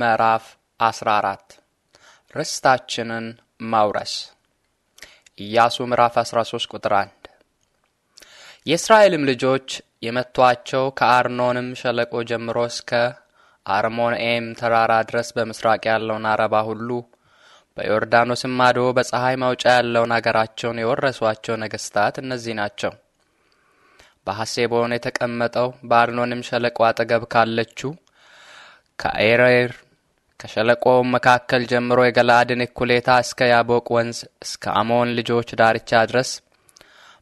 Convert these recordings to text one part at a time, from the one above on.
ምዕራፍ 14 ርስታችንን ማውረስ ኢያሱ ምዕራፍ 13 ቁጥር 1 የእስራኤልም ልጆች የመቷቸው ከአርኖንም ሸለቆ ጀምሮ እስከ አርሞንኤም ተራራ ድረስ በምስራቅ ያለውን አረባ ሁሉ በዮርዳኖስም ማዶ በፀሐይ ማውጫ ያለውን አገራቸውን የወረሷቸው ነገስታት እነዚህ ናቸው። በሐሴቦን የተቀመጠው በአርኖንም ሸለቆ አጠገብ ካለችው ከኤሬር ከሸለቆውም መካከል ጀምሮ የገላአድን እኩሌታ እስከ ያቦቅ ወንዝ እስከ አሞን ልጆች ዳርቻ ድረስ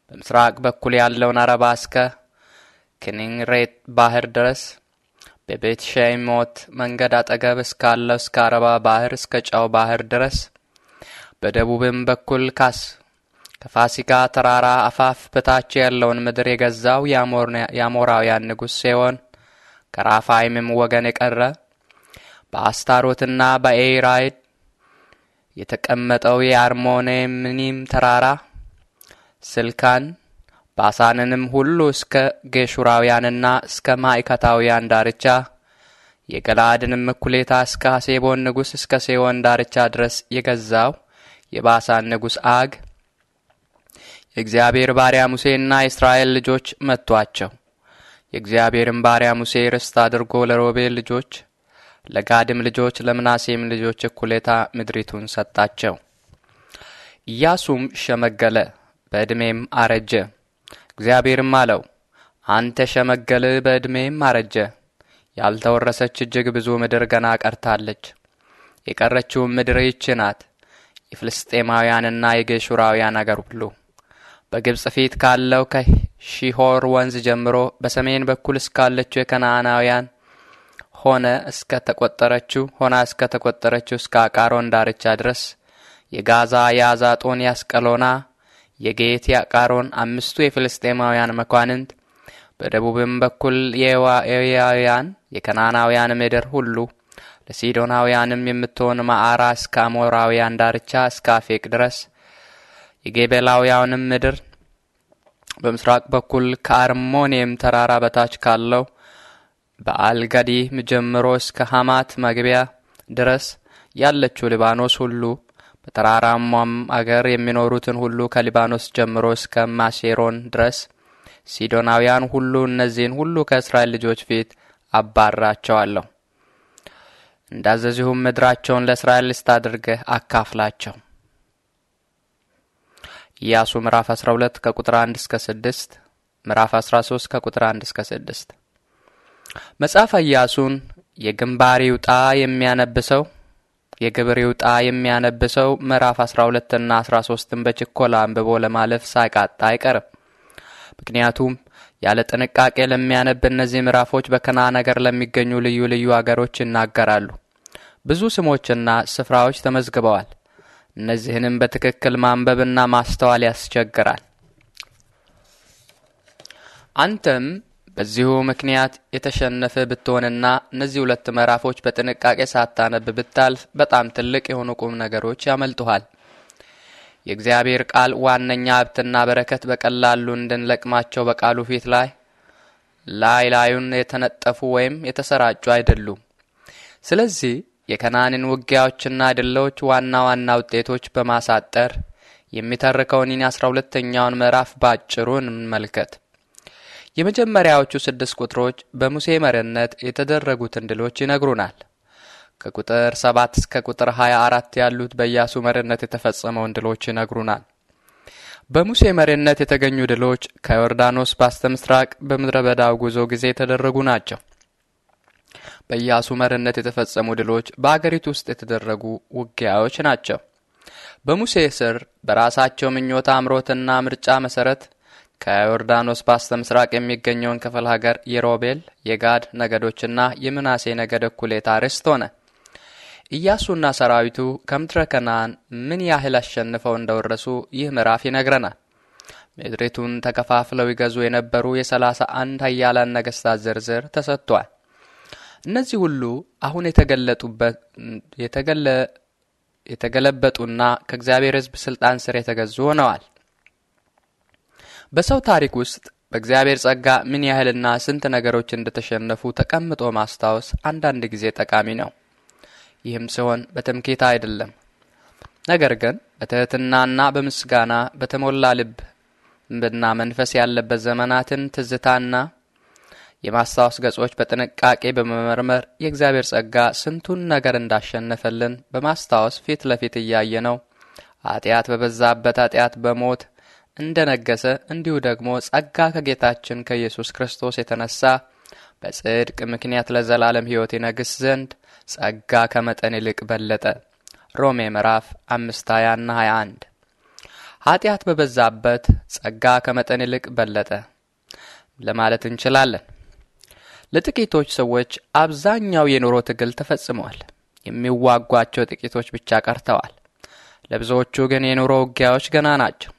በምስራቅ በኩል ያለውን አረባ እስከ ኪኒንሬት ባህር ድረስ በቤት ሸሞት መንገድ አጠገብ እስካለው እስከ አረባ ባህር እስከ ጨው ባህር ድረስ በደቡብም በኩል ካስ ከፋሲካ ተራራ አፋፍ በታች ያለውን ምድር የገዛው የአሞራውያን ንጉሥ ሲሆን ከራፋይምም ወገን የቀረ በአስታሮትና በኤራይድ የተቀመጠው የአርሞኔምኒም ተራራ ስልካን ባሳንንም ሁሉ እስከ ጌሹራውያንና እስከ ማይከታውያን ዳርቻ የገላአድንም እኩሌታ እስከ ሴቦን ንጉሥ እስከ ሴዎን ዳርቻ ድረስ የገዛው የባሳን ንጉሥ አግ የእግዚአብሔር ባሪያ ሙሴና የእስራኤል ልጆች መጥቷቸው የእግዚአብሔርን ባሪያ ሙሴ ርስት አድርጎ ለሮቤል ልጆች ለጋድም ልጆች ለምናሴም ልጆች እኩሌታ ምድሪቱን ሰጣቸው። ኢያሱም ሸመገለ፣ በዕድሜም አረጀ። እግዚአብሔርም አለው አንተ ሸመገል፣ በዕድሜም አረጀ። ያልተወረሰች እጅግ ብዙ ምድር ገና ቀርታለች። የቀረችውም ምድር ይች ናት፣ የፍልስጤማውያንና የጌሹራውያን አገር ሁሉ በግብፅ ፊት ካለው ከሺሆር ወንዝ ጀምሮ በሰሜን በኩል እስካለችው የከነአናውያን ሆነ እስከ ተቆጠረችው ሆና እስከ ተቆጠረችው እስከ አቃሮን ዳርቻ ድረስ የጋዛ የአዛጦን የአስቀሎና የጌት የአቃሮን አምስቱ የፍልስጤማውያን መኳንንት በደቡብም በኩል የኤዋውያን የከናናውያን ምድር ሁሉ ለሲዶናውያንም የምትሆን ማዕራ እስከ አሞራውያን ዳርቻ እስከ አፌቅ ድረስ የጌቤላውያንም ምድር በምስራቅ በኩል ከአርሞንየም ተራራ በታች ካለው በአልጋዲህ ጀምሮ እስከ ሐማት መግቢያ ድረስ ያለችው ሊባኖስ ሁሉ በተራራማም አገር የሚኖሩትን ሁሉ ከሊባኖስ ጀምሮ እስከ ማሴሮን ድረስ ሲዶናውያን ሁሉ እነዚህን ሁሉ ከእስራኤል ልጆች ፊት አባራቸዋለሁ። እንዳዘዚሁም ምድራቸውን ለእስራኤል ርስት አካፍላቸው። ኢያሱ ምዕራፍ 12 ከቁጥር 1 እስከ 6 ምዕራፍ 13 ከቁጥር 1 እስከ 6 መጽሐፈ ኢያሱን የግንባሬ ውጣ የሚያነብሰው የግብር ጣ የሚያነብሰው ምዕራፍ 12ና 13ን በችኮላ አንብቦ ለማለፍ ሳይቃጣ አይቀርም። ምክንያቱም ያለ ጥንቃቄ ለሚያነብ እነዚህ ምዕራፎች በከና ነገር ለሚገኙ ልዩ ልዩ አገሮች ይናገራሉ። ብዙ ስሞችና ስፍራዎች ተመዝግበዋል። እነዚህንም በትክክል ማንበብና ማስተዋል ያስቸግራል። አንተም በዚሁ ምክንያት የተሸነፈ ብትሆንና እነዚህ ሁለት ምዕራፎች በጥንቃቄ ሳታነብ ብታልፍ በጣም ትልቅ የሆኑ ቁም ነገሮች ያመልጡሃል። የእግዚአብሔር ቃል ዋነኛ ሀብትና በረከት በቀላሉ እንድንለቅማቸው በቃሉ ፊት ላይ ላይ ላዩን የተነጠፉ ወይም የተሰራጩ አይደሉም። ስለዚህ የከናንን ውጊያዎችና ድላዎች ዋና ዋና ውጤቶች በማሳጠር የሚተርከውን አስራ ሁለተኛውን ምዕራፍ ባጭሩ እንመልከት። የመጀመሪያዎቹ ስድስት ቁጥሮች በሙሴ መሪነት የተደረጉትን ድሎች ይነግሩናል። ከቁጥር 7 እስከ ቁጥር 24 ያሉት በኢያሱ መሪነት የተፈጸመውን ድሎች ይነግሩናል። በሙሴ መሪነት የተገኙ ድሎች ከዮርዳኖስ በስተ ምስራቅ በምድረ በዳው ጉዞ ጊዜ የተደረጉ ናቸው። በኢያሱ መሪነት የተፈጸሙ ድሎች በአገሪቱ ውስጥ የተደረጉ ውጊያዎች ናቸው። በሙሴ ስር በራሳቸው ምኞት አምሮትና ምርጫ መሰረት ከዮርዳኖስ በስተ ምስራቅ የሚገኘውን ክፍል ሀገር የሮቤል የጋድ ነገዶችና የምናሴ ነገድ እኩሌታ ርስት ሆነ። ኢያሱና ሰራዊቱ ከምድረ ከነዓን ምን ያህል አሸንፈው እንደወረሱ ይህ ምዕራፍ ይነግረናል። ምድሪቱን ተከፋፍለው ይገዙ የነበሩ የሰላሳ አንድ ኃያላን ነገሥታት ዝርዝር ተሰጥቷል። እነዚህ ሁሉ አሁን የተገለጡበት የተገለበጡና ከእግዚአብሔር ሕዝብ ስልጣን ስር የተገዙ ሆነዋል። በሰው ታሪክ ውስጥ በእግዚአብሔር ጸጋ ምን ያህልና ስንት ነገሮች እንደተሸነፉ ተቀምጦ ማስታወስ አንዳንድ ጊዜ ጠቃሚ ነው። ይህም ሲሆን በትምክህት አይደለም፣ ነገር ግን በትህትናና በምስጋና በተሞላ ልብ ብና መንፈስ ያለበት ዘመናትን ትዝታና የማስታወስ ገጾች በጥንቃቄ በመመርመር የእግዚአብሔር ጸጋ ስንቱን ነገር እንዳሸነፈልን በማስታወስ ፊት ለፊት እያየ ነው ኃጢአት በበዛበት ኃጢአት በሞት እንደ ነገሰ እንዲሁ ደግሞ ጸጋ ከጌታችን ከኢየሱስ ክርስቶስ የተነሳ በጽድቅ ምክንያት ለዘላለም ሕይወት ይነግስ ዘንድ ጸጋ ከመጠን ይልቅ በለጠ። ሮሜ ምዕራፍ አምስት ሀያና ሀያ አንድ ኃጢአት በበዛበት ጸጋ ከመጠን ይልቅ በለጠ ለማለት እንችላለን። ለጥቂቶች ሰዎች አብዛኛው የኑሮ ትግል ተፈጽመዋል። የሚዋጓቸው ጥቂቶች ብቻ ቀርተዋል። ለብዙዎቹ ግን የኑሮ ውጊያዎች ገና ናቸው።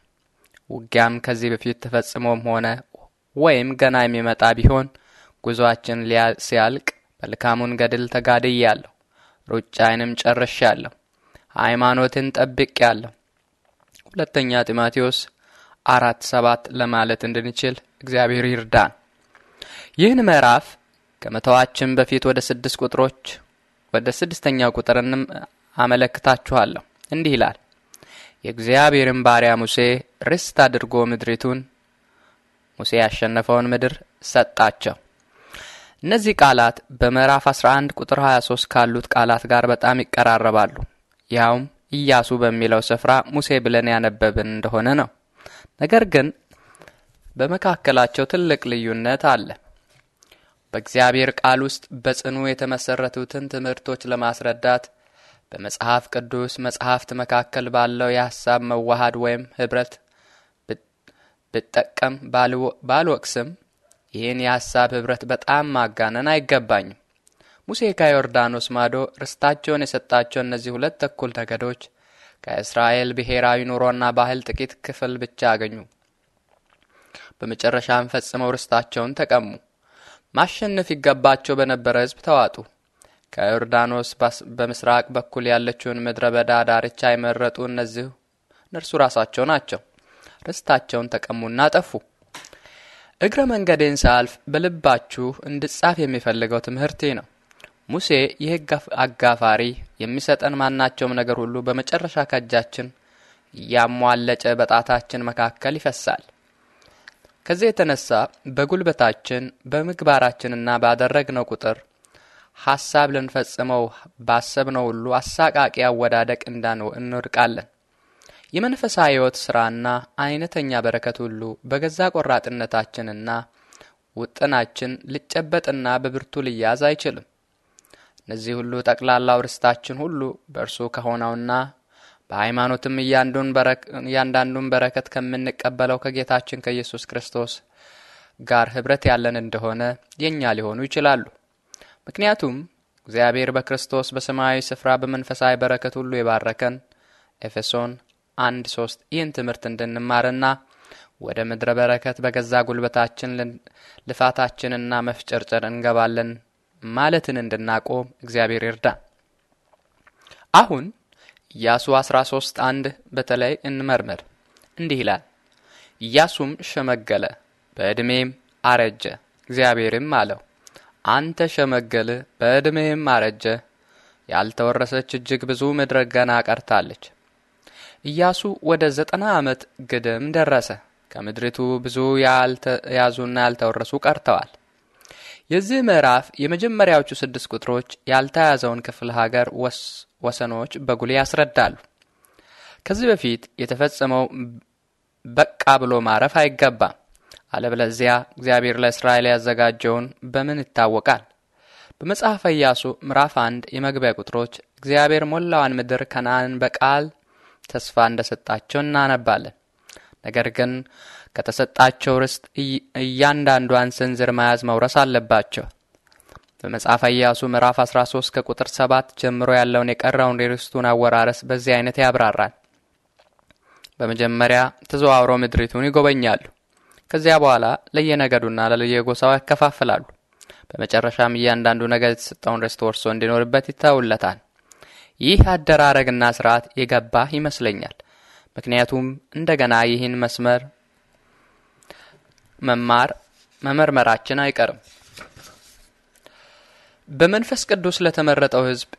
ውጊያም ከዚህ በፊት ተፈጽሞም ሆነ ወይም ገና የሚመጣ ቢሆን ጉዞአችን ሲያልቅ መልካሙን ገድል ተጋድያለሁ፣ ሩጫዬንም ጨርሻለሁ፣ ሃይማኖትን ጠብቄያለሁ። ሁለተኛ ጢሞቴዎስ አራት ሰባት ለማለት እንድንችል እግዚአብሔር ይርዳን። ይህን ምዕራፍ ከመተዋችን በፊት ወደ ስድስት ቁጥሮች ወደ ስድስተኛው ቁጥር አመለክታችኋለሁ። እንዲህ ይላል የእግዚአብሔርን ባሪያ ሙሴ ርስት አድርጎ ምድሪቱን ሙሴ ያሸነፈውን ምድር ሰጣቸው። እነዚህ ቃላት በምዕራፍ 11 ቁጥር 23 ካሉት ቃላት ጋር በጣም ይቀራረባሉ። ያውም እያሱ በሚለው ስፍራ ሙሴ ብለን ያነበብን እንደሆነ ነው። ነገር ግን በመካከላቸው ትልቅ ልዩነት አለ። በእግዚአብሔር ቃል ውስጥ በጽኑ የተመሰረቱትን ትምህርቶች ለማስረዳት በመጽሐፍ ቅዱስ መጽሐፍት መካከል ባለው የሐሳብ መዋሃድ ወይም ኅብረት ብጠቀም ባልወቅስም ይህን የሐሳብ ኅብረት በጣም ማጋነን አይገባኝም። ሙሴ ከዮርዳኖስ ማዶ ርስታቸውን የሰጣቸው እነዚህ ሁለት እኩል ተገዶች ከእስራኤል ብሔራዊ ኑሮና ባህል ጥቂት ክፍል ብቻ አገኙ። በመጨረሻም ፈጽመው ርስታቸውን ተቀሙ። ማሸነፍ ይገባቸው በነበረ ሕዝብ ተዋጡ። ከዮርዳኖስ በምስራቅ በኩል ያለችውን ምድረ በዳ ዳርቻ የመረጡ እነዚሁ እነርሱ ራሳቸው ናቸው። ርስታቸውን ተቀሙና ጠፉ። እግረ መንገዴን ሳልፍ በልባችሁ እንድጻፍ የሚፈልገው ትምህርቴ ነው። ሙሴ የሕግ አጋፋሪ የሚሰጠን ማናቸውም ነገር ሁሉ በመጨረሻ ከእጃችን እያሟለጨ በጣታችን መካከል ይፈሳል። ከዚህ የተነሳ በጉልበታችን በምግባራችንና ባደረግነው ቁጥር ሐሳብ ልንፈጽመው ባሰብነው ሁሉ አሳቃቂ አወዳደቅ እንዳነው እንወድቃለን። የመንፈሳዊ ሕይወት ሥራና አይነተኛ በረከት ሁሉ በገዛ ቆራጥነታችንና ውጥናችን ሊጨበጥና በብርቱ ሊያዝ አይችልም። እነዚህ ሁሉ ጠቅላላው ርስታችን ሁሉ በእርሱ ከሆነውና በሃይማኖትም እያንዳንዱን በረከት ከምንቀበለው ከጌታችን ከኢየሱስ ክርስቶስ ጋር ኅብረት ያለን እንደሆነ የእኛ ሊሆኑ ይችላሉ። ምክንያቱም እግዚአብሔር በክርስቶስ በሰማያዊ ስፍራ በመንፈሳዊ በረከት ሁሉ የባረከን ኤፌሶን አንድ ሶስት ይህን ትምህርት እንድንማርና ወደ ምድረ በረከት በገዛ ጉልበታችን ልፋታችንና መፍጨርጨር እንገባለን ማለትን እንድናቆም እግዚአብሔር ይርዳ። አሁን ኢያሱ 13 አንድ በተለይ እንመርምር። እንዲህ ይላል፣ ኢያሱም ሸመገለ፣ በዕድሜም አረጀ፣ እግዚአብሔርም አለው አንተ ሸመገል፣ በዕድሜህም አረጀ። ያልተወረሰች እጅግ ብዙ ምድር ገና ቀርታለች። ኢያሱ ወደ ዘጠና ዓመት ግድም ደረሰ። ከምድሪቱ ብዙ ያልተያዙና ያልተወረሱ ቀርተዋል። የዚህ ምዕራፍ የመጀመሪያዎቹ ስድስት ቁጥሮች ያልተያዘውን ክፍል ሀገር ወሰኖች በጉል ያስረዳሉ። ከዚህ በፊት የተፈጸመው በቃ ብሎ ማረፍ አይገባም። አለበለዚያ እግዚአብሔር ለእስራኤል ያዘጋጀውን በምን ይታወቃል? በመጽሐፈ ኢያሱ ምዕራፍ አንድ የመግቢያ ቁጥሮች እግዚአብሔር ሞላዋን ምድር ከነአንን በቃል ተስፋ እንደ ሰጣቸው እናነባለን። ነገር ግን ከተሰጣቸው ርስት እያንዳንዷን ስንዝር መያዝ መውረስ አለባቸው። በመጽሐፈ ኢያሱ ምዕራፍ 13 ከቁጥር 7 ጀምሮ ያለውን የቀረውን የርስቱን አወራረስ በዚህ አይነት ያብራራል። በመጀመሪያ ተዘዋውረው ምድሪቱን ይጎበኛሉ። ከዚያ በኋላ ለየነገዱና ለየጎሳው ያከፋፍላሉ። በመጨረሻም እያንዳንዱ ነገድ የተሰጠውን ርስት ወርሶ እንዲኖርበት ይተውለታል። ይህ አደራረግና ስርዓት የገባህ ይመስለኛል። ምክንያቱም እንደገና ይህን መስመር መማር መመርመራችን አይቀርም። በመንፈስ ቅዱስ ለተመረጠው ሕዝብ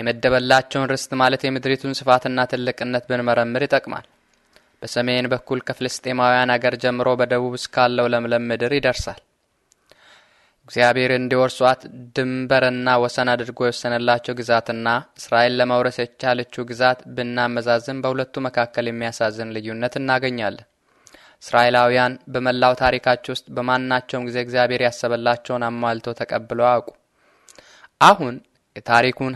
የመደበላቸውን ርስት ማለት የምድሪቱን ስፋትና ትልቅነት ብንመረምር ይጠቅማል። በሰሜን በኩል ከፍልስጤማውያን አገር ጀምሮ በደቡብ እስካለው ለምለም ምድር ይደርሳል። እግዚአብሔር እንዲወርሷት ድንበርና ወሰን አድርጎ የወሰነላቸው ግዛትና እስራኤል ለመውረስ የቻለችው ግዛት ብናመዛዝን በሁለቱ መካከል የሚያሳዝን ልዩነት እናገኛለን። እስራኤላውያን በመላው ታሪካቸው ውስጥ በማናቸውም ጊዜ እግዚአብሔር ያሰበላቸውን አሟልቶ ተቀብለው አውቁ። አሁን የታሪኩን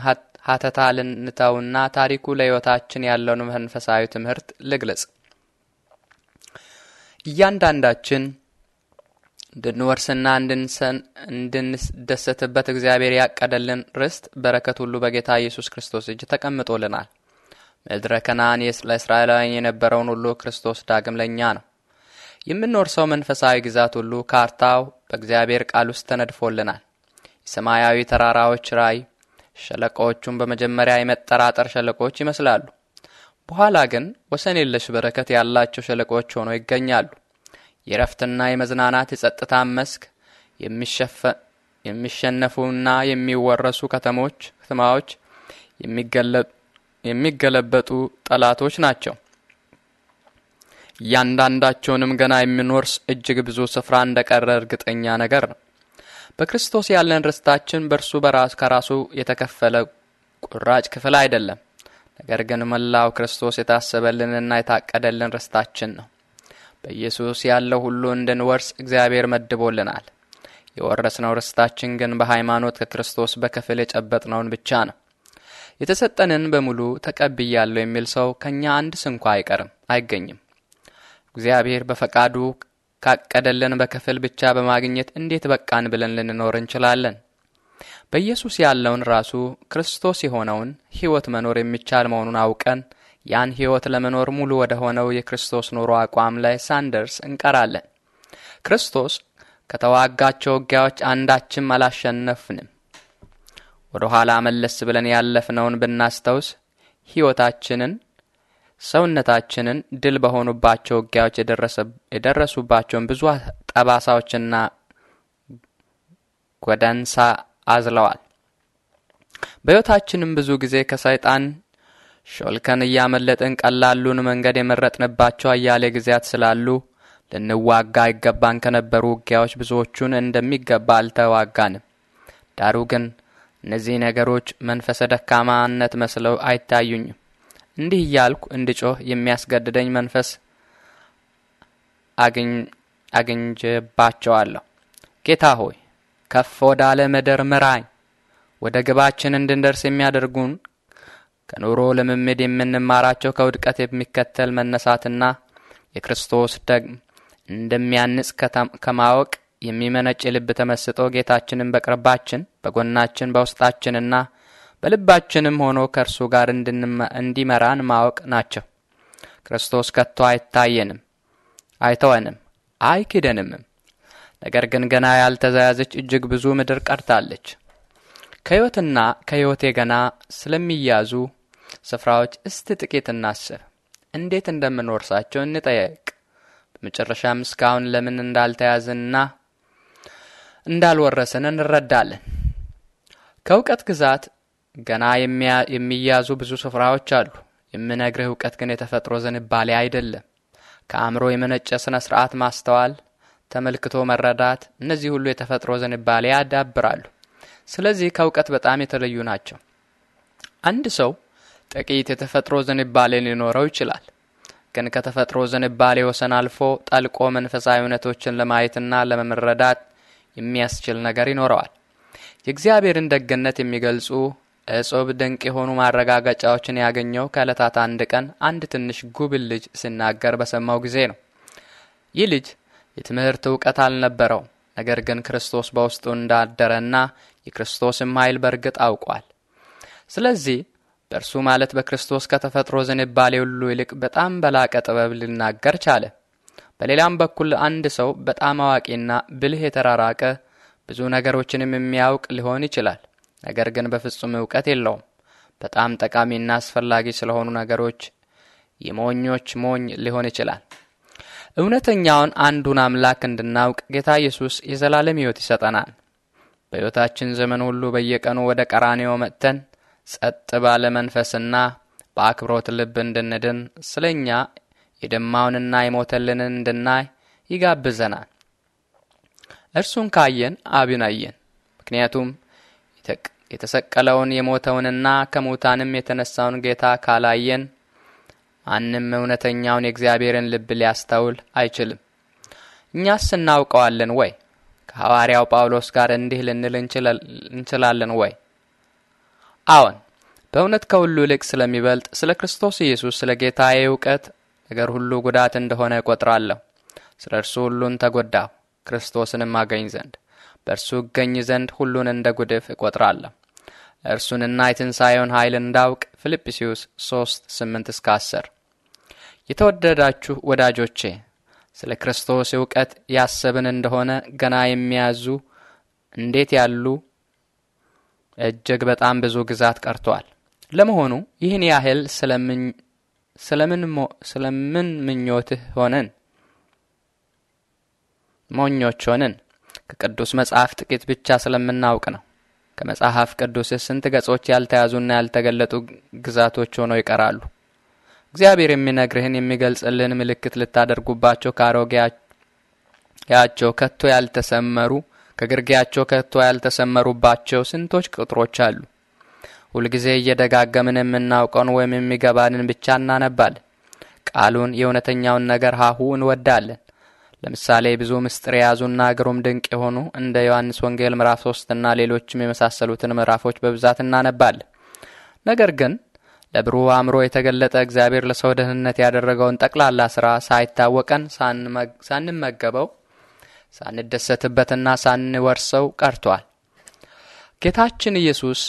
ሀተታ ልንተውና ታሪኩ ለሕይወታችን ያለውን መንፈሳዊ ትምህርት ልግለጽ። እያንዳንዳችን እንድንወርስና እንድንደሰትበት እግዚአብሔር ያቀደልን ርስት በረከት ሁሉ በጌታ ኢየሱስ ክርስቶስ እጅ ተቀምጦልናል። ምድረ ከናን ለእስራኤላውያን የነበረውን ሁሉ ክርስቶስ ዳግም ለእኛ ነው። የምንወርሰው መንፈሳዊ ግዛት ሁሉ ካርታው በእግዚአብሔር ቃል ውስጥ ተነድፎልናል። የሰማያዊ ተራራዎች ራእይ ሸለቆዎቹን በመጀመሪያ የመጠራጠር ሸለቆዎች ይመስላሉ። በኋላ ግን ወሰን የለሽ በረከት ያላቸው ሸለቆዎች ሆነው ይገኛሉ። የእረፍትና የመዝናናት የጸጥታ መስክ የሚሸነፉና የሚወረሱ ከተሞች ከተማዎች የሚገለበጡ ጠላቶች ናቸው። እያንዳንዳቸውንም ገና የሚኖርስ እጅግ ብዙ ስፍራ እንደቀረ እርግጠኛ ነገር ነው። በክርስቶስ ያለን ርስታችን በእርሱ በራስ ከራሱ የተከፈለ ቁራጭ ክፍል አይደለም። ነገር ግን መላው ክርስቶስ የታሰበልንና የታቀደልን ርስታችን ነው። በኢየሱስ ያለው ሁሉ እንድንወርስ እግዚአብሔር መድቦልናል። የወረስነው ርስታችን ግን በሃይማኖት ከክርስቶስ በክፍል የጨበጥነውን ብቻ ነው። የተሰጠንን በሙሉ ተቀብያለሁ የሚል ሰው ከእኛ አንድ ስንኳ አይቀርም አይገኝም። እግዚአብሔር በፈቃዱ ካቀደልን በክፍል ብቻ በማግኘት እንዴት በቃን ብለን ልንኖር እንችላለን? በኢየሱስ ያለውን ራሱ ክርስቶስ የሆነውን ሕይወት መኖር የሚቻል መሆኑን አውቀን ያን ሕይወት ለመኖር ሙሉ ወደ ሆነው የክርስቶስ ኑሮ አቋም ላይ ሳንደርስ እንቀራለን። ክርስቶስ ከተዋጋቸው ውጊያዎች አንዳችም አላሸነፍንም። ወደ ኋላ መለስ ብለን ያለፍነውን ብናስታውስ ሕይወታችንን፣ ሰውነታችንን ድል በሆኑባቸው ውጊያዎች የደረሱባቸውን ብዙ ጠባሳዎችና ጎዳንሳ። አዝለዋል። በሕይወታችንም ብዙ ጊዜ ከሰይጣን ሾልከን እያመለጥን ቀላሉን መንገድ የመረጥንባቸው አያሌ ጊዜያት ስላሉ ልንዋጋ ይገባን ከነበሩ ውጊያዎች ብዙዎቹን እንደሚገባ አልተዋጋንም። ዳሩ ግን እነዚህ ነገሮች መንፈሰ ደካማነት መስለው አይታዩኝም። እንዲህ እያልኩ እንድጮህ የሚያስገድደኝ መንፈስ አግኝባቸዋለሁ። ጌታ ሆይ ከፍ ወዳለ ምድር ምራኝ። ወደ ግባችን እንድንደርስ የሚያደርጉን ከኑሮ ልምምድ የምንማራቸው ከውድቀት የሚከተል መነሳትና የክርስቶስ ደግም እንደሚያንጽ ከማወቅ የሚመነጭ የልብ ተመስጦ ጌታችንን በቅርባችን በጎናችን በውስጣችንና በልባችንም ሆኖ ከእርሱ ጋር እንዲመራን ማወቅ ናቸው። ክርስቶስ ከቶ አይታየንም፣ አይተወንም፣ አይክደንምም። ነገር ግን ገና ያልተዘያዘች እጅግ ብዙ ምድር ቀርታለች። ከሕይወትና ከሕይወቴ ገና ስለሚያዙ ስፍራዎች እስቲ ጥቂት እናስብ። እንዴት እንደምንወርሳቸው እንጠየቅ። በመጨረሻም እስካሁን ለምን እንዳልተያዝንና እንዳልወረስን እንረዳለን። ከእውቀት ግዛት ገና የሚያዙ ብዙ ስፍራዎች አሉ። የምነግርህ እውቀት ግን የተፈጥሮ ዝንባሌ አይደለም። ከአእምሮ የመነጨ ስነ ስርዓት ማስተዋል ተመልክቶ መረዳት፣ እነዚህ ሁሉ የተፈጥሮ ዝንባሌ ያዳብራሉ። ስለዚህ ከእውቀት በጣም የተለዩ ናቸው። አንድ ሰው ጥቂት የተፈጥሮ ዝንባሌ ሊኖረው ይችላል። ግን ከተፈጥሮ ዝንባሌ ወሰን አልፎ ጠልቆ መንፈሳዊ እውነቶችን ለማየትና ለመረዳት የሚያስችል ነገር ይኖረዋል። የእግዚአብሔርን ደግነት የሚገልጹ እጹብ ድንቅ የሆኑ ማረጋገጫዎችን ያገኘው ከዕለታት አንድ ቀን አንድ ትንሽ ጉብል ልጅ ሲናገር በሰማው ጊዜ ነው። ይህ ልጅ የትምህርት እውቀት አልነበረው። ነገር ግን ክርስቶስ በውስጡ እንዳደረና የክርስቶስም ኃይል በእርግጥ አውቋል። ስለዚህ በእርሱ ማለት በክርስቶስ ከተፈጥሮ ዝንባሌ ሁሉ ይልቅ በጣም በላቀ ጥበብ ሊናገር ቻለ። በሌላም በኩል አንድ ሰው በጣም አዋቂና ብልህ የተራራቀ ብዙ ነገሮችንም የሚያውቅ ሊሆን ይችላል። ነገር ግን በፍጹም እውቀት የለውም። በጣም ጠቃሚና አስፈላጊ ስለሆኑ ነገሮች የሞኞች ሞኝ ሊሆን ይችላል። እውነተኛውን አንዱን አምላክ እንድናውቅ ጌታ ኢየሱስ የዘላለም ሕይወት ይሰጠናል። በሕይወታችን ዘመን ሁሉ በየቀኑ ወደ ቀራኔዮ መጥተን ጸጥ ባለ መንፈስና በአክብሮት ልብ እንድንድን ስለ እኛ የደማውንና የሞተልንን እንድናይ ይጋብዘናል። እርሱን ካየን አብን አየን። ምክንያቱም የተሰቀለውን የሞተውንና ከሙታንም የተነሳውን ጌታ ካላየን ማንም እውነተኛውን የእግዚአብሔርን ልብ ሊያስተውል አይችልም። እኛስ እናውቀዋለን ወይ? ከሐዋርያው ጳውሎስ ጋር እንዲህ ልንል እንችላለን ወይ? አዎን፣ በእውነት ከሁሉ ይልቅ ስለሚበልጥ ስለ ክርስቶስ ኢየሱስ ስለ ጌታዬ እውቀት ነገር ሁሉ ጉዳት እንደሆነ እቆጥራለሁ። ስለ እርሱ ሁሉን ተጎዳሁ፣ ክርስቶስንም አገኝ ዘንድ በእርሱ እገኝ ዘንድ ሁሉን እንደ ጉድፍ እቆጥራለሁ። እርሱንና የትንሣኤውን ኃይል እንዳውቅ ፊልጵስዩስ 3 8 እስከ 10 የተወደዳችሁ ወዳጆቼ ስለ ክርስቶስ እውቀት ያሰብን እንደሆነ ገና የሚያዙ እንዴት ያሉ እጅግ በጣም ብዙ ግዛት ቀርቷል። ለመሆኑ ይህን ያህል ስለምን ምኞትህ ሆነን ሞኞች ሆንን? ከቅዱስ መጽሐፍ ጥቂት ብቻ ስለምናውቅ ነው። ከመጽሐፍ ቅዱስ ስንት ገጾች ያልተያዙና ያልተገለጡ ግዛቶች ሆነው ይቀራሉ? እግዚአብሔር የሚነግርህን የሚገልጽልህን ምልክት ልታደርጉባቸው ከአሮጌያቸው ከቶ ያልተሰመሩ ከግርጌያቸው ከቶ ያልተሰመሩባቸው ስንቶች ቅጥሮች አሉ። ሁልጊዜ እየደጋገምን የምናውቀውን ወይም የሚገባንን ብቻ እናነባለን። ቃሉን የእውነተኛውን ነገር ሀሁ እንወዳለን። ለምሳሌ ብዙ ምስጢር የያዙና እግሩም ድንቅ የሆኑ እንደ ዮሐንስ ወንጌል ምዕራፍ ሶስትና ሌሎችም የመሳሰሉትን ምዕራፎች በብዛት እናነባለን። ነገር ግን ለብሩህ አእምሮ የተገለጠ እግዚአብሔር ለሰው ደህንነት ያደረገውን ጠቅላላ ሥራ ሳይታወቀን ሳንመገበው ሳንደሰትበትና ሳንወርሰው ቀርቷል። ጌታችን ኢየሱስ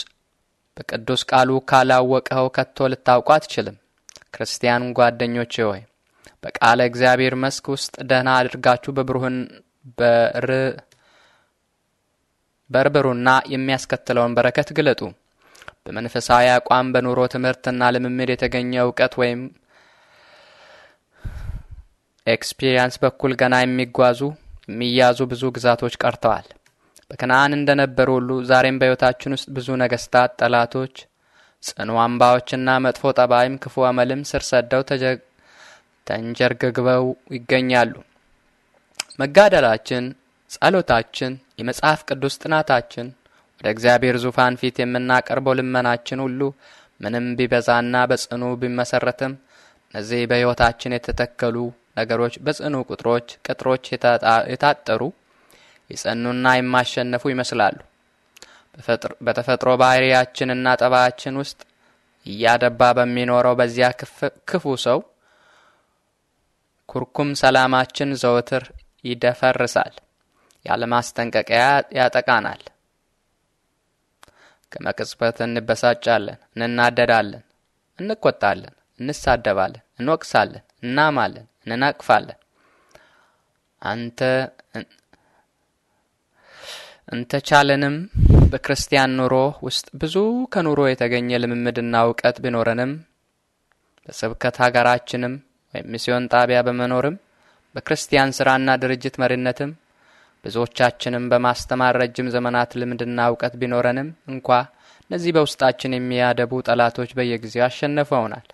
በቅዱስ ቃሉ ካላወቀኸው ከቶ ልታውቁ አትችልም። ክርስቲያን ጓደኞቼ ሆይ በቃለ እግዚአብሔር መስክ ውስጥ ደህና አድርጋችሁ በብሩህን በርብሩና የሚያስከትለውን በረከት ግለጡ። በመንፈሳዊ አቋም በኑሮ ትምህርትና ልምምድ የተገኘ እውቀት ወይም ኤክስፒሪንስ በኩል ገና የሚጓዙ የሚያዙ ብዙ ግዛቶች ቀርተዋል። በከነአን እንደነበሩ ሁሉ ዛሬም በሕይወታችን ውስጥ ብዙ ነገስታት፣ ጠላቶች፣ ጽኑ አምባዎችና መጥፎ ጠባይም ክፉ አመልም ስር ሰደው ተንጀርግግበው ይገኛሉ። መጋደላችን፣ ጸሎታችን፣ የመጽሐፍ ቅዱስ ጥናታችን ወደ እግዚአብሔር ዙፋን ፊት የምናቀርበው ልመናችን ሁሉ ምንም ቢበዛና በጽኑ ቢመሰረትም እነዚህ በሕይወታችን የተተከሉ ነገሮች በጽኑ ቁጥሮች ቅጥሮች የታጠሩ የጸኑና የማሸነፉ ይመስላሉ። በተፈጥሮ ባህሪያችንና ጠባያችን ውስጥ እያደባ በሚኖረው በዚያ ክፉ ሰው ኩርኩም ሰላማችን ዘወትር ይደፈርሳል፣ ያለማስጠንቀቂያ ያጠቃናል። ከመቅጽበት እንበሳጫለን፣ እንናደዳለን፣ እንቆጣለን፣ እንሳደባለን፣ እንወቅሳለን፣ እናማለን፣ እንናቅፋለን። አንተ እንተቻለንም በክርስቲያን ኑሮ ውስጥ ብዙ ከኑሮ የተገኘ ልምምድና እውቀት ቢኖረንም በስብከት ሀገራችንም ወይም ሚስዮን ጣቢያ በመኖርም በክርስቲያን ስራና ድርጅት መሪነትም ብዙዎቻችንም በማስተማር ረጅም ዘመናት ልምድና እውቀት ቢኖረንም እንኳ እነዚህ በውስጣችን የሚያደቡ ጠላቶች በየጊዜው አሸንፈውናል።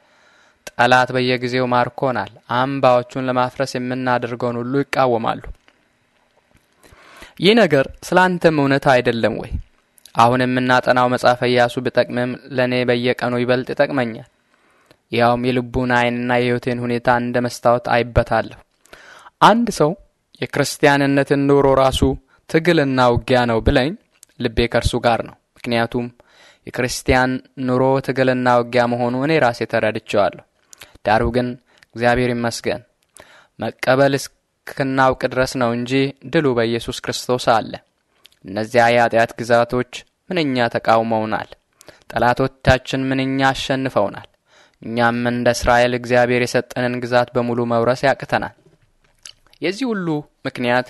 ጠላት በየጊዜው ማርኮናል። አምባዎቹን ለማፍረስ የምናደርገውን ሁሉ ይቃወማሉ። ይህ ነገር ስለ አንተም እውነት አይደለም ወይ? አሁን የምናጠናው መጽሐፈ ኢያሱ ብጠቅምም ለእኔ በየቀኑ ይበልጥ ይጠቅመኛል። ያውም የልቡን አይንና የሕይወቴን ሁኔታ እንደ መስታወት አይበታለሁ። አንድ ሰው የክርስቲያንነትን ኑሮ ራሱ ትግልና ውጊያ ነው ብለኝ ልቤ ከእርሱ ጋር ነው። ምክንያቱም የክርስቲያን ኑሮ ትግልና ውጊያ መሆኑ እኔ ራሴ ተረድቸዋለሁ ዳሩ ግን እግዚአብሔር ይመስገን መቀበል እስክናውቅ ድረስ ነው እንጂ ድሉ በኢየሱስ ክርስቶስ አለ። እነዚያ የኃጢአት ግዛቶች ምንኛ ተቃውመውናል። ጠላቶቻችን ምንኛ አሸንፈውናል። እኛም እንደ እስራኤል እግዚአብሔር የሰጠንን ግዛት በሙሉ መውረስ ያቅተናል። የዚህ ሁሉ ምክንያት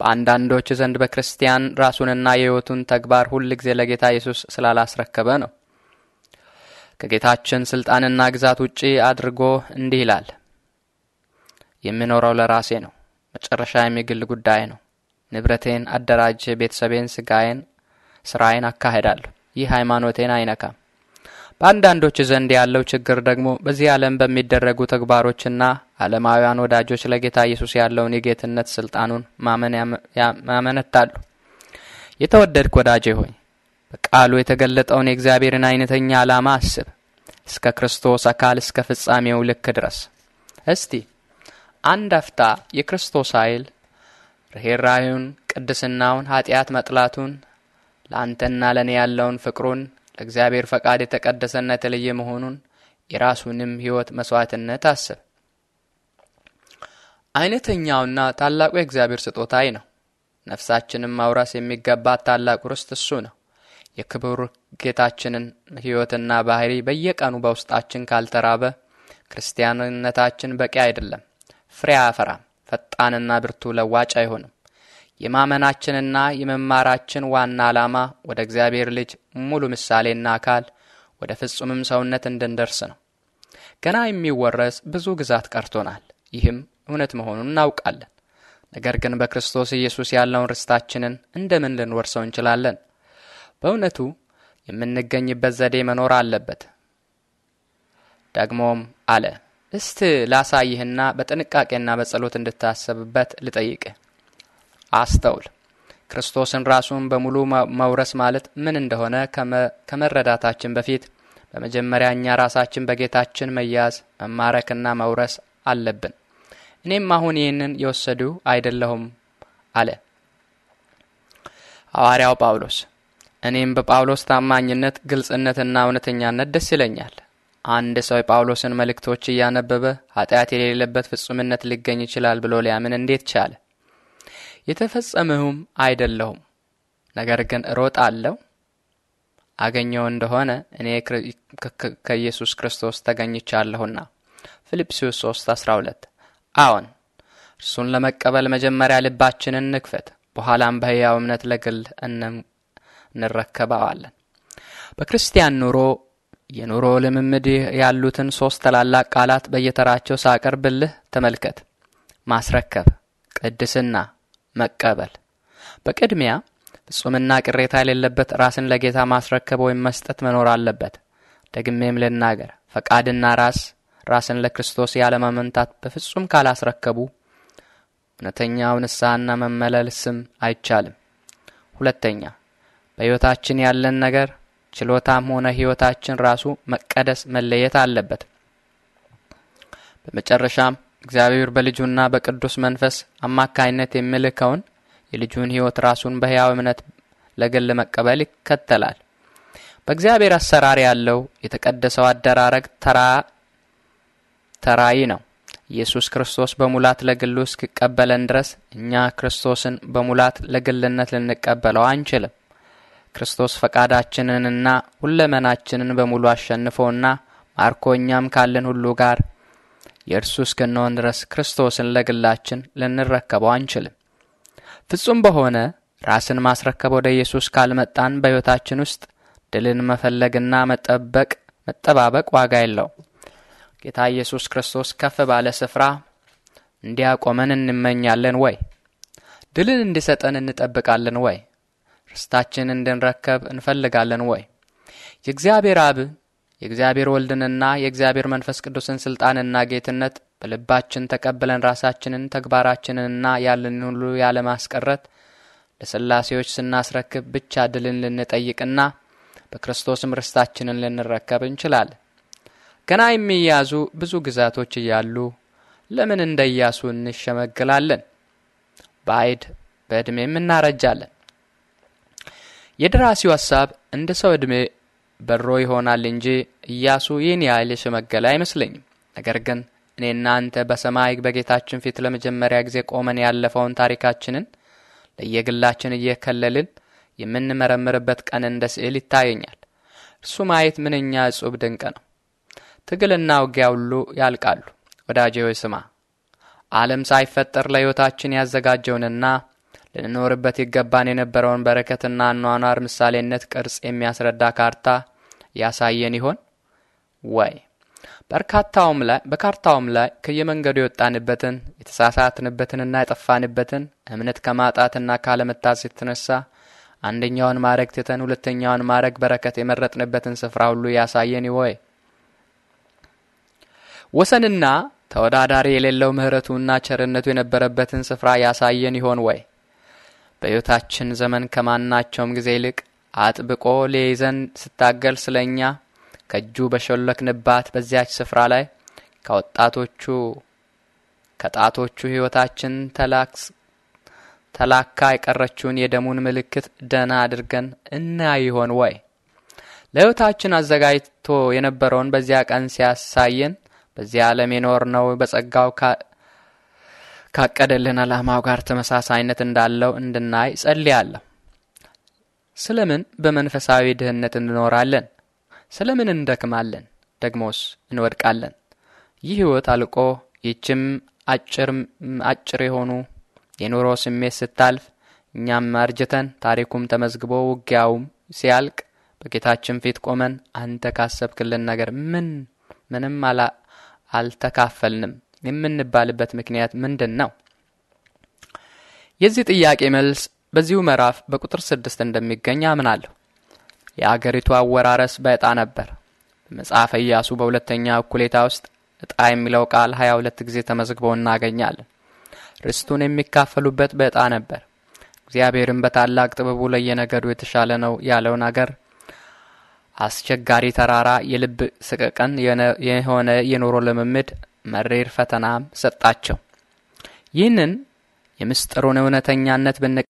በአንዳንዶች ዘንድ በክርስቲያን ራሱንና የሕይወቱን ተግባር ሁል ጊዜ ለጌታ ኢየሱስ ስላላስረከበ ነው። ከጌታችን ስልጣንና ግዛት ውጪ አድርጎ እንዲህ ይላል፣ የምኖረው ለራሴ ነው፣ መጨረሻ የሚግል ጉዳይ ነው። ንብረቴን አደራጅ፣ ቤተሰቤን፣ ስጋዬን፣ ስራዬን አካሄዳለሁ። ይህ ሃይማኖቴን አይነካም። በአንዳንዶች ዘንድ ያለው ችግር ደግሞ በዚህ ዓለም በሚደረጉ ተግባሮችና ዓለማውያን ወዳጆች ለጌታ ኢየሱስ ያለውን የጌትነት ስልጣኑን ማመነታሉ። የተወደድክ ወዳጄ ሆይ በቃሉ የተገለጠውን የእግዚአብሔርን አይነተኛ ዓላማ አስብ፣ እስከ ክርስቶስ አካል እስከ ፍጻሜው ልክ ድረስ። እስቲ አንድ አፍታ የክርስቶስ ኃይል ርኅራኄውን፣ ቅድስናውን፣ ኃጢአት መጥላቱን፣ ለአንተና ለእኔ ያለውን ፍቅሩን ለእግዚአብሔር ፈቃድ የተቀደሰና የተለየ መሆኑን የራሱንም ሕይወት መሥዋዕትነት አስብ። አይነተኛውና ታላቁ የእግዚአብሔር ስጦታ ነው። ነፍሳችንም ማውረስ የሚገባት ታላቁ ርስት እሱ ነው። የክብር ጌታችንን ሕይወትና ባህሪ በየቀኑ በውስጣችን ካልተራበ ክርስቲያንነታችን በቂ አይደለም። ፍሬ አያፈራም። ፈጣንና ብርቱ ለዋጭ አይሆንም። የማመናችንና የመማራችን ዋና ዓላማ ወደ እግዚአብሔር ልጅ ሙሉ ምሳሌና አካል ወደ ፍጹምም ሰውነት እንድንደርስ ነው። ገና የሚወረስ ብዙ ግዛት ቀርቶናል። ይህም እውነት መሆኑን እናውቃለን። ነገር ግን በክርስቶስ ኢየሱስ ያለውን ርስታችንን እንደምን ልንወርሰው እንችላለን? በእውነቱ የምንገኝበት ዘዴ መኖር አለበት። ደግሞም አለ፣ እስቲ ላሳይህና በጥንቃቄና በጸሎት እንድታሰብበት ልጠይቅህ። አስተውል። ክርስቶስን ራሱን በሙሉ መውረስ ማለት ምን እንደሆነ ከመረዳታችን በፊት በመጀመሪያ እኛ ራሳችን በጌታችን መያዝ መማረክና መውረስ አለብን። እኔም አሁን ይህንን የወሰዱ አይደለሁም አለ ሐዋርያው ጳውሎስ። እኔም በጳውሎስ ታማኝነት፣ ግልጽነትና እውነተኛነት ደስ ይለኛል። አንድ ሰው የጳውሎስን መልእክቶች እያነበበ ኃጢአት የሌለበት ፍጹምነት ሊገኝ ይችላል ብሎ ሊያምን እንዴት ቻለ? የተፈጸመውም አይደለሁም። ነገር ግን እሮጣለሁ አገኘው እንደሆነ እኔ ከኢየሱስ ክርስቶስ ተገኝቻለሁና። ፊልጵስዩስ 3 12 አዎን እርሱን ለመቀበል መጀመሪያ ልባችንን ንክፈት፣ በኋላም በሕያው እምነት ለግል እንረከበዋለን። በክርስቲያን ኑሮ የኑሮ ልምምድ ያሉትን ሦስት ታላላቅ ቃላት በየተራቸው ሳቀርብልህ ተመልከት። ማስረከብ፣ ቅድስና መቀበል በቅድሚያ ፍጹምና ቅሬታ የሌለበት ራስን ለጌታ ማስረከብ ወይም መስጠት መኖር አለበት። ደግሜም ልናገር፣ ፈቃድና ራስ ራስን ለክርስቶስ ያለመመንታት በፍጹም ካላስረከቡ እውነተኛው ንስሐና ስም አይቻልም። ሁለተኛ በሕይወታችን ያለን ነገር ችሎታም ሆነ ሕይወታችን ራሱ መቀደስ መለየት አለበት። በመጨረሻም እግዚአብሔር በልጁና በቅዱስ መንፈስ አማካይነት የሚልከውን የልጁን ሕይወት ራሱን በሕያው እምነት ለግል መቀበል ይከተላል። በእግዚአብሔር አሰራር ያለው የተቀደሰው አደራረግ ተራ ተራይ ነው። ኢየሱስ ክርስቶስ በሙላት ለግሉ እስኪቀበለን ድረስ እኛ ክርስቶስን በሙላት ለግልነት ልንቀበለው አንችልም። ክርስቶስ ፈቃዳችንንና ሁለመናችንን በሙሉ አሸንፎና ማርኮ እኛም ካለን ሁሉ ጋር የእርሱ እስክንሆን ድረስ ክርስቶስን ለግላችን ልንረከበው አንችልም። ፍጹም በሆነ ራስን ማስረከብ ወደ ኢየሱስ ካልመጣን በሕይወታችን ውስጥ ድልን መፈለግና መጠበቅ መጠባበቅ ዋጋ የለው። ጌታ ኢየሱስ ክርስቶስ ከፍ ባለ ስፍራ እንዲያቆመን እንመኛለን ወይ? ድልን እንዲሰጠን እንጠብቃለን ወይ? ርስታችን እንድንረከብ እንፈልጋለን ወይ? የእግዚአብሔር አብ የእግዚአብሔር ወልድንና የእግዚአብሔር መንፈስ ቅዱስን ስልጣንና ጌትነት በልባችን ተቀብለን ራሳችንን ተግባራችንንና ያለንን ሁሉ ያለማስቀረት ለስላሴዎች ስናስረክብ ብቻ ድልን ልንጠይቅና በክርስቶስም ርስታችንን ልንረከብ እንችላለን። ገና የሚያዙ ብዙ ግዛቶች እያሉ ለምን እንደ ኢያሱ እንሸመግላለን? በአይድ በዕድሜም እናረጃለን። የደራሲው ሐሳብ እንደ ሰው ዕድሜ በሮ ይሆናል እንጂ እያሱ ይህን ያህል የሸመገለ አይመስለኝም። ነገር ግን እኔና አንተ በሰማይ በጌታችን ፊት ለመጀመሪያ ጊዜ ቆመን ያለፈውን ታሪካችንን ለየግላችን እየከለልን የምንመረምርበት ቀን እንደ ስዕል ይታየኛል። እርሱ ማየት ምንኛ እጹብ ድንቅ ነው። ትግልና ውጊያ ሁሉ ያልቃሉ። ወዳጄ ሆይ ስማ፣ ዓለም ሳይፈጠር ለሕይወታችን ያዘጋጀውንና ልንኖርበት ይገባን የነበረውን በረከትና አኗኗር ምሳሌነት ቅርጽ የሚያስረዳ ካርታ ያሳየን ይሆን ወይ? በርካታውም ላይ በካርታውም ላይ ከየመንገዱ የወጣንበትን የተሳሳትንበትንና የጠፋንበትን እምነት ከማጣትና ካለመታዘዝ የተነሳ አንደኛውን ማዕረግ ትተን ሁለተኛውን ማዕረግ በረከት የመረጥንበትን ስፍራ ሁሉ ያሳየን ወይ? ወሰንና ተወዳዳሪ የሌለው ምሕረቱና ቸርነቱ የነበረበትን ስፍራ ያሳየን ይሆን ወይ? በሕይወታችን ዘመን ከማናቸውም ጊዜ ይልቅ አጥብቆ ሊይዘን ስታገል ስለ እኛ ከእጁ በሾለክንባት በዚያች ስፍራ ላይ ከወጣቶቹ ከጣቶቹ ሕይወታችን ተላካ የቀረችውን የደሙን ምልክት ደህና አድርገን እና ይሆን ወይ ለሕይወታችን አዘጋጅቶ የነበረውን በዚያ ቀን ሲያሳየን በዚህ ዓለም ነው በጸጋው ካቀደልን ዓላማው ጋር ተመሳሳይነት እንዳለው እንድናይ ጸልያለሁ። ስለምን በመንፈሳዊ ድህነት እንኖራለን? ስለምን እንደክማለን? ደግሞስ እንወድቃለን? ይህ ሕይወት አልቆ ይችም አጭር የሆኑ የኑሮ ስሜት ስታልፍ እኛም አርጅተን ታሪኩም ተመዝግቦ ውጊያውም ሲያልቅ በጌታችን ፊት ቆመን አንተ ካሰብክልን ነገር ምን ምንም አልተካፈልንም የምንባልበት ምክንያት ምንድን ነው? የዚህ ጥያቄ መልስ በዚሁ ምዕራፍ በቁጥር ስድስት እንደሚገኝ አምናለሁ። የአገሪቱ አወራረስ በዕጣ ነበር። በመጽሐፈ ኢያሱ በሁለተኛ እኩሌታ ውስጥ ዕጣ የሚለው ቃል ሀያ ሁለት ጊዜ ተመዝግቦ እናገኛለን። ርስቱን የሚካፈሉበት በዕጣ ነበር። እግዚአብሔርን በታላቅ ጥበቡ ለየነገዱ የተሻለ ነው ያለውን አገር አስቸጋሪ ተራራ፣ የልብ ስቅቅን የሆነ የኑሮ ልምምድ፣ መሬር ፈተናም ሰጣቸው። ይህንን የምስጢሩን እውነተኛነት ብንቀ